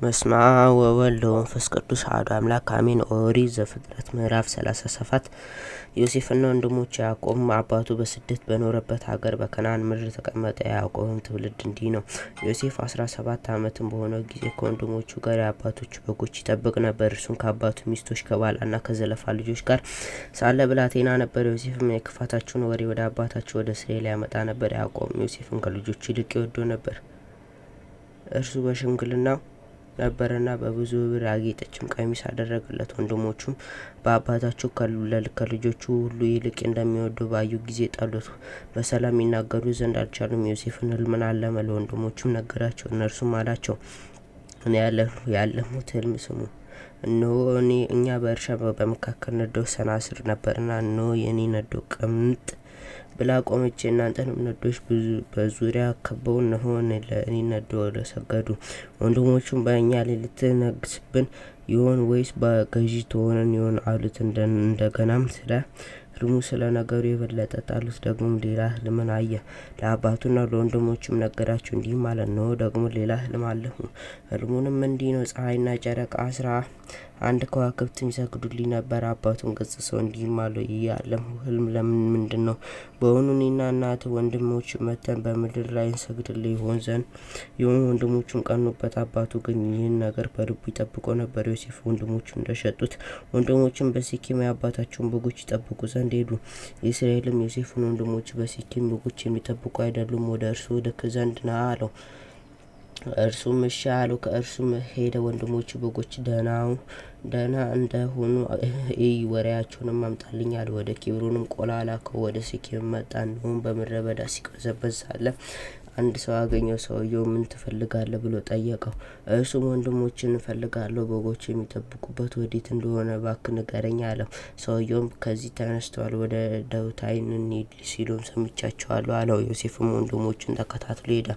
በስመ አብ ወወልድ ወመንፈስ ቅዱስ አሐዱ አምላክ አሜን። ኦሪት ዘፍጥረት ምዕራፍ 37 ዮሴፍና ወንድሞቹ ያዕቆብም አባቱ በስደት በኖረበት ሀገር በከናን ምድር ተቀመጠ። የያዕቆብም ትውልድ እንዲህ ነው። ዮሴፍ 17 ዓመትም በሆነው ጊዜ ከወንድሞቹ ጋር የአባቶቹ በጎች ይጠብቅ ነበር። እርሱም ከአባቱ ሚስቶች ከባላና ከዘለፋ ልጆች ጋር ሳለ ብላቴና ነበር። ዮሴፍም የክፋታቸውን ወሬ ወደ አባታቸው ወደ እስራኤል ያመጣ ነበር። ያዕቆብም ዮሴፍን ከልጆቹ ይልቅ ይወደው ነበር። እርሱ በሽምግልና ነበረና በብዙ ብር ያጌጠችም ቀሚስ አደረገለት። ወንድሞቹም በአባታቸው ከልጆቹ ሁሉ ይልቅ እንደሚወዱ ባዩ ጊዜ ጠሉት፣ በሰላም ይናገሩ ዘንድ አልቻሉም። ዮሴፍን ሕልምን አለመ፣ ለወንድሞቹም ነገራቸው። እነርሱም አላቸው እኔ ያለሙት ህልም ስሙ እነሆ እኔ እኛ በእርሻ በመካከል ነዶች ሰናስር ነበርና እነሆ የእኔ ነዶ ቅምጥ ብላ ቆመች። የእናንተንም ነዶች በዙሪያ ከበው እነሆ ለእኔ ነዶ ሰገዱ። ወንድሞቹም በእኛ ላይ ልትነግስብን ይሆን ወይስ በገዢ ትሆነን ይሆን አሉት። እንደገናም ስለ ህልሙ ስለ ነገሩ የበለጠ ጣሉት። ደግሞም ሌላ ህልምን አየ፣ ለአባቱና ለወንድሞቹም ነገራቸው፣ እንዲህ ማለት ነው፣ ደግሞ ሌላ ህልም አለሁ። ህልሙንም እንዲህ ነው፣ ፀሐይና ጨረቃ አስራ አንድ ከዋክብትም ይሰግዱልኝ ነበር። አባቱን ገሥጾ እንዲህም አለው፣ ይህ ያለም ህልም ለምን ምንድን ነው? በሆኑ እኔና እናት ወንድሞች መተን በምድር ላይ እንሰግድልህ ይሆን ዘንድ የሆኑ ወንድሞቹን ቀኑበት። አባቱ ግን ይህን ነገር በልቡ ይጠብቆ ነበር። ዮሴፍ ወንድሞቹ እንደሸጡት ወንድሞችን በሴኬም የአባታቸውን በጎች ይጠብቁ ዘንድ ዘንድ ሄዱ። የእስራኤልም ዮሴፍን ወንድሞች በሴኬም በጎች የሚጠብቁ አይደሉም፣ ወደ እርሱ ወደ ዘንድ ና አለው። እርሱም እሺ አለው። ከእርሱም ሄደ። ወንድሞቹ በጎች ደህናው ደህና እንደሆኑ እይ፣ ወሬያቸውንም አምጣልኝ አለ። ወደ ኬብሮንም ቆላ ላከው። ወደ ሴኬም መጣ። እነሆም በምድረ በዳ ሲቀዘበዝ ሳለ አንድ ሰው አገኘው። ሰውየው ምን ትፈልጋለህ ብሎ ጠየቀው። እርሱም ወንድሞችን እፈልጋለሁ፣ በጎች የሚጠብቁበት ወዴት እንደሆነ ባክ ንገረኝ አለው። ሰውየውም ከዚህ ተነስተዋል፣ ወደ ዳውታይን እንሂድ ሲሉም ሰምቻቸዋለሁ አለው። ዮሴፍም ወንድሞቹን ተከታትሎ ሄደ።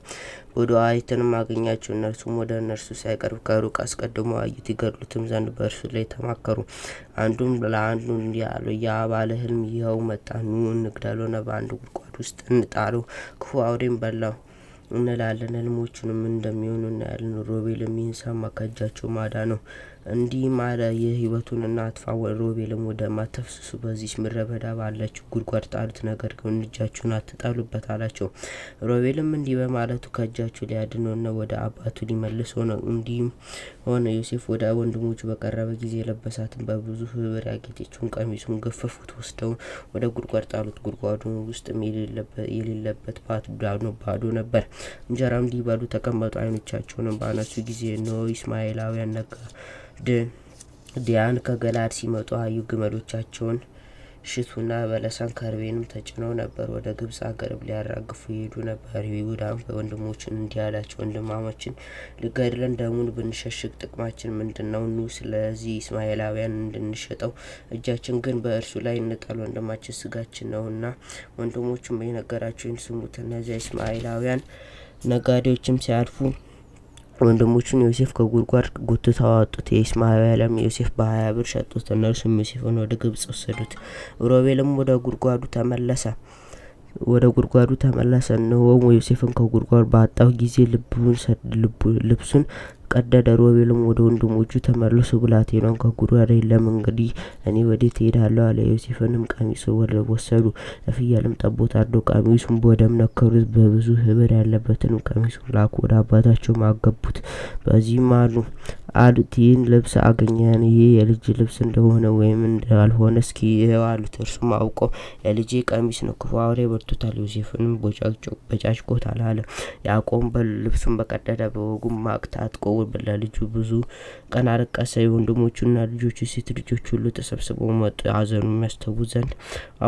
ቡድዓይትንም አገኛቸው። እነርሱም ወደ እነርሱ ሳይቀርብ ከሩቅ አስቀድሞ አዩት፣ ይገድሉትም ዘንድ በእርሱ ላይ ተማከሩ። አንዱም ለአንዱ እንዲህ አለው፣ ያ ባለ ሕልም ይኸው መጣ፣ ኑ እንግደለውና በአንድ ጉድጓድ ውስጥ እንጣለው፣ ክፉ አውሬም በላው። እንላለን። ህልሞቹንም እንደሚሆኑ እናያለን። ሮቤል ይህን ሰማ፣ ከእጃቸው ማዳ ነው። እንዲህም አለ፣ የሕይወቱን እናት ፋወል ወደ ወደማታፍስሱ በዚች ምድረ በዳ ባለችው ጉድጓድ ጣሉት፣ ነገር ግን እጃችሁን አትጣሉበት አላቸው። ሮቤልም እንዲህ በማለቱ ከእጃቸው ሊያድነውና ወደ አባቱ ሊመልሰው ነው። እንዲህም ሆነ፣ ዮሴፍ ወደ ወንድሞቹ በቀረበ ጊዜ የለበሳትን በብዙ ህብር ያጌጠችውን ቀሚሱን ገፈፉት፣ ወስደው ወደ ጉድጓድ ጣሉት። ጉድጓዱ ውስጥም የሌለበት ባት ባዶ ነበር። እንጀራም ሊበሉ ተቀመጡ። አይኖቻቸውንም ባነሱ ጊዜ እነሆ እስማኤላውያን ዲያን ከገላድ ሲመጡ አዩ ግመሎቻቸውን ሽቱና በለሳን ከርቤንም ተጭነው ነበር። ወደ ግብጽ አገርም ሊያራግፉ ይሄዱ ነበር። ይሁዳም ወንድሞችን እንዲህ አላቸው፣ ወንድማማችን ልገድለን ደሙን ብንሸሽግ ጥቅማችን ምንድን ነው? ኑ ስለዚህ እስማኤላውያን እንድንሸጠው፣ እጃችን ግን በእርሱ ላይ እንጣል፣ ወንድማችን ስጋችን ነውና። ወንድሞቹም የነገራቸውን ስሙት። እነዚያ እስማኤላውያን ነጋዴዎችም ሲያልፉ ወንድሞቹን ዮሴፍ ከጉድጓድ ጎትተው አወጡት። የኢስማኤላም ዮሴፍ በሀያ ብር ሸጡት። እነርሱም ዮሴፍን ወደ ግብጽ ወሰዱት። ሮቤልም ወደ ጉድጓዱ ተመለሰ ወደ ጉድጓዱ ተመለሰ። እነሆም ዮሴፍን ከጉድጓድ ባጣው ጊዜ ልብሱን ቀደደ። ሮቤልም ወደ ወንድሞቹ ተመልሶ ብላቴናን ከጉድጓድ የለም እንግዲህ እኔ ወዴት እሄዳለሁ አለ። ዮሴፍንም ቀሚሱ ወረብ ወሰዱ። ለፍያልም ጠቦት አርደው ቀሚሱን በደም ነከሩት። በብዙ ህብር ያለበትንም ቀሚሱን ላኩ፣ ወደ አባታቸው አገቡት። በዚህም አሉ አሉት ይህን ልብስ አገኘን፣ ይሄ የልጅ ልብስ እንደሆነ ወይም እንዳልሆነ እስኪ ይኸው አሉት። እርሱም አውቆ የልጄ ቀሚስ ነው፣ ክፉ አውሬ በልቶታል፣ ዮሴፍንም በጫጭቆታል አለ። ያዕቆብም ልብሱን በቀደደ በወጉም ማቅ ታጥቆ ለልጁ ብዙ ቀን አለቀሰ። የወንድሞቹና ልጆቹ ሴት ልጆች ሁሉ ተሰብስበው መጡ፣ ሐዘኑን ያስተው ዘንድ።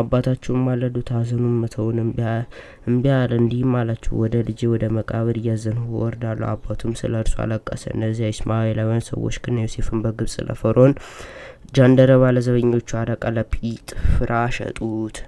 አባታቸውም ማለዱት፣ ሀዘኑን መተውን እምቢ አለ። እንዲህም አላቸው፣ ወደ ልጄ ወደ መቃብር እያዘንሁ እወርዳለሁ። አባቱም ስለ እርሱ አለቀሰ። እነዚያ እስማኤላውያን ሰዎች ግን ዮሴፍን በግብጽ ለፈርዖን ጃንደረባ ለዘበኞቹ አለቃ ለጲጥፍራ ሸጡት።